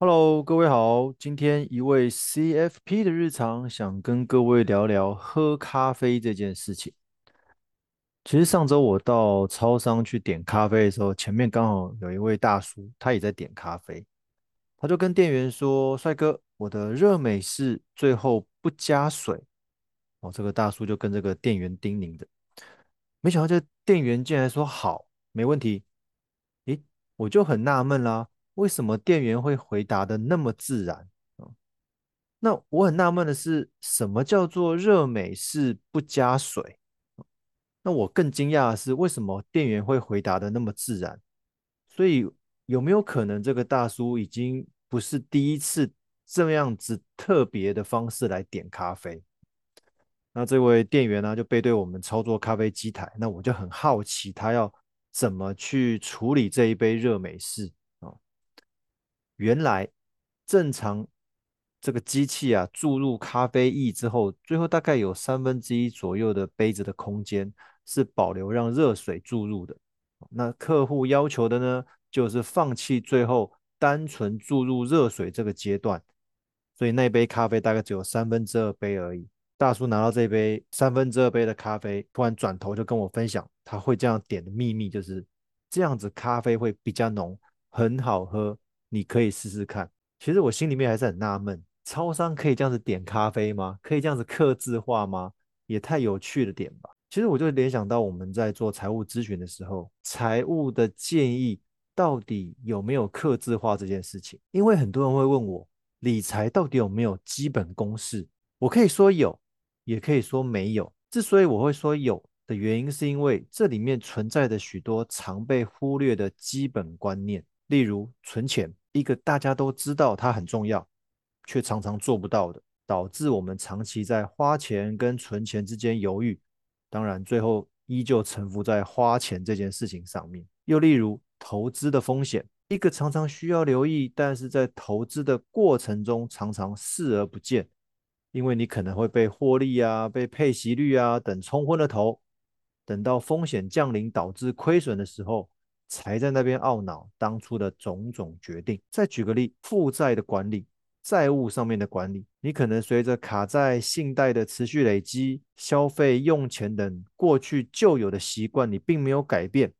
Hello，各位好，今天一位 CFP 的日常，想跟各位聊聊喝咖啡這件事情。其實上周我到超商去點咖啡的時候，前面剛好有一位大叔，他也在點咖啡，他就跟店員說：“帥哥，我的熱美式最後不加水。”哦，這個大叔就跟這個店員叮嚀著，沒想到這店員竟然說：“好，沒問題。”誒，我就很納悶啦。為什麼店員會回答的那麼自然啊？那我很納悶的是，什麼叫做熱美式不加水？那我更驚訝的是，為什麼店員會回答的那麼自然？所以有沒有可能這個大叔已經不是第一次這樣子特別的方式來點咖啡？那這位店員呢，就背對我們操作咖啡機台，那我就很好奇，他要怎麼去處理這一杯熱美式？原來正常這個機器啊，注入咖啡液之後，最後大概有三分之一左右的杯子的空間是保留讓熱水注入的。那客戶要求的呢，就是放棄最後單純注入熱水這個階段，所以那杯咖啡大概只有三分之二杯而已。大叔拿到這杯三分之二杯的咖啡，突然轉頭就跟我分享他會這樣點的秘密，就是這樣子咖啡會比較濃，很好喝。你可以試試看。其實我心裡面還是很納悶，超商可以這樣子點咖啡嗎？可以這樣子客製化嗎？也太有趣了點吧。其實我就聯想到我們在做財務諮詢的時候，財務的建議到底有沒有客製化這件事情？因為很多人會問我，理財到底有沒有基本公式？我可以說有，也可以說沒有。之所以我會說有的原因，是因為這裡面存在的許多常被忽略的基本觀念，例如存錢。一個大家都知道它很重要，卻常常做不到的，導致我們長期在花錢跟存錢之間猶豫。當然，最後依舊臣服在花錢這件事情上面。又例如投資的風險，一個常常需要留意，但是在投資的過程中常常視而不見，因為你可能會被獲利啊、被配息率啊等沖昏了頭，等到風險降臨導致虧損的時候，才在那邊懊惱當初的種種決定。再舉個例，負債的管理，債務上面的管理，你可能隨着卡債、信貸的持續累積、消費用錢等過去舊有的習慣，你並沒有改變，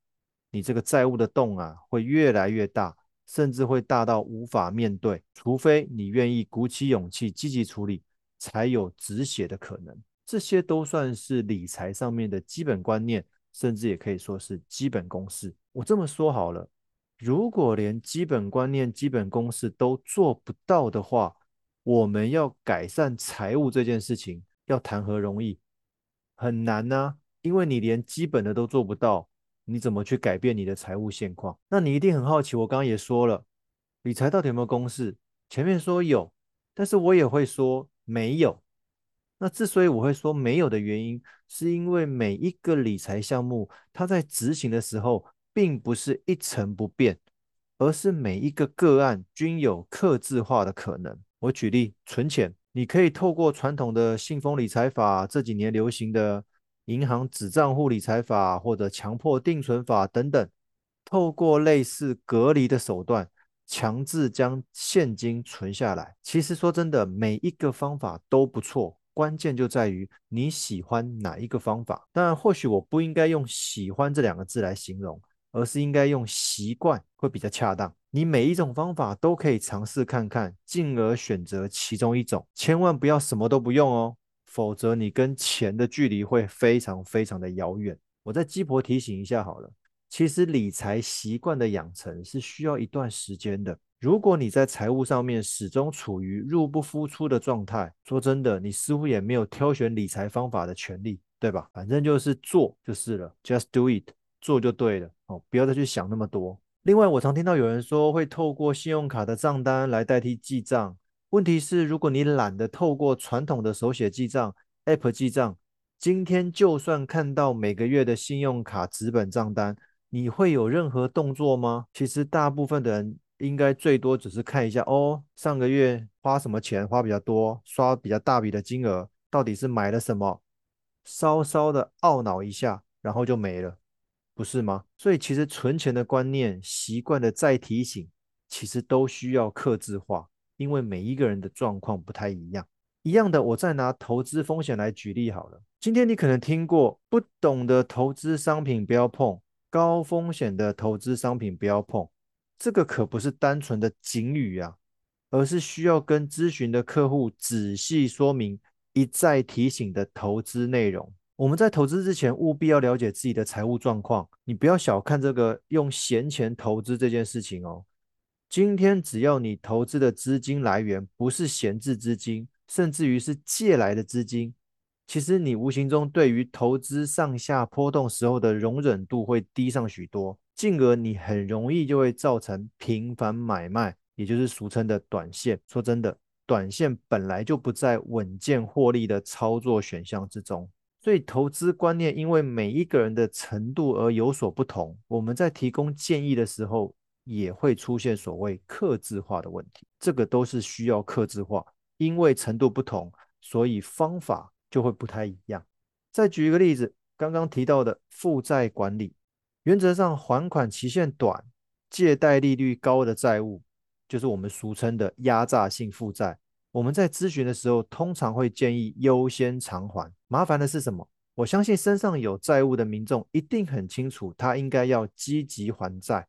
你這個債務的洞啊會越來越大，甚至會大到無法面對，除非你願意鼓起勇氣積極處理，才有止血的可能。這些都算是理財上面的基本觀念。甚至也可以說是基本公式。我這麼說好了，如果連基本觀念、基本公式都做不到的話，我們要改善財務這件事情，要談何容易？很難吶、啊，因為你連基本的都做不到，你怎麼去改變你的財務現況？那你一定很好奇，我剛剛也說了，理財到底有沒有公式？前面說有，但是我也會說沒有。那之所以我會說沒有的原因，是因為每一個理財項目，它在執行的時候，並不是一成不變，而是每一個個案均有客製化的可能。我舉例，存錢，你可以透過傳統的信封理財法，這幾年流行的銀行子賬戶理財法，或者強迫定存法等等，透過類似隔離的手段，強制將現金存下來。其實說真的，每一個方法都不錯。關鍵就在於你喜歡哪一個方法。當然，或許我不應該用“喜歡”這兩個字來形容，而是應該用“習慣”會比較恰當。你每一種方法都可以嘗試看看，進而選擇其中一種。千萬不要什麼都不用哦，否則你跟錢的距離會非常非常的遙遠。我再雞婆提醒一下好了，其實理財習慣的養成是需要一段時間的。如果你在財務上面始終處於入不敷出的狀態，說真的，你似乎也沒有挑選理財方法的權利，對吧？反正就是做就是了，just do it，做就對了，哦，不要再去想那麼多。另外，我常聽到有人說會透過信用卡的賬單來代替記賬，問題是，如果你懶得透過傳統的手寫記賬、app 記賬，今天就算看到每個月的信用卡紙本賬單，你會有任何動作嗎？其實，大部分的人。應該最多只是看一下哦，上個月花什麼錢，花比較多，刷比較大筆的金額，到底是買了什麼？稍稍的懊惱一下，然後就沒了，不是嗎？所以其實存錢的觀念、習慣的再提醒，其實都需要客製化，因為每一個人的狀況不太一樣。一樣的，我再拿投資風險來舉例好了。今天你可能聽過，不懂的投資商品不要碰，高風險的投資商品不要碰。這個可不是單純的警語呀，而是需要跟諮詢的客戶仔細說明、一再提醒的投資內容。我們在投資之前，務必要了解自己的財務狀況。你不要小看這個用閒錢投資這件事情哦。今天只要你投資的資金來源不是閒置資金，甚至於是借來的資金，其實你無形中對於投資上下波動時候的容忍度會低上許多。進而你很容易就會造成頻繁買賣，也就是俗稱的短線。說真的，短線本來就不在穩健獲利的操作選項之中。所以投資觀念因為每一個人的程度而有所不同，我們在提供建議的時候也會出現所謂客製化的問題。這個都是需要客製化，因為程度不同，所以方法就會不太一樣。再舉一個例子，剛剛提到的負債管理。原則上，還款期限短、借貸利率高的債務，就是我們俗稱的壓榨性負債。我們在諮詢的時候，通常會建議優先償還。麻煩的是什麼？我相信身上有債務的民眾一定很清楚，他應該要積極還債。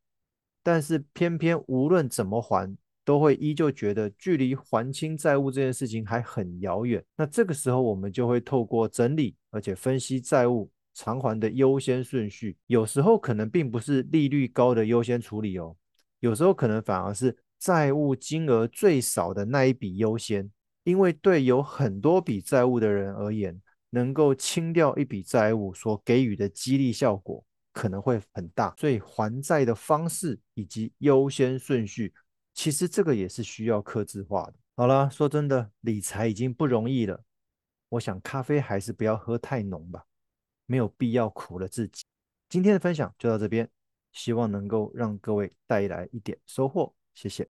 但是偏偏無論怎麼還，都會依舊覺得距離還清債務這件事情還很遙遠。那這個時候，我們就會透過整理而且分析債務。償還的優先順序，有時候可能並不是利率高的優先處理哦，有時候可能反而是債務金額最少的那一筆優先，因為對有很多筆債務的人而言，能夠清掉一筆債務所給予的激勵效果可能會很大，所以還債的方式以及優先順序，其實這個也是需要客製化的。好了，說真的，理財已經不容易了，我想咖啡還是不要喝太濃吧。沒有必要苦了自己。今天的分享就到這邊，希望能夠讓各位帶來一點收穫。謝謝。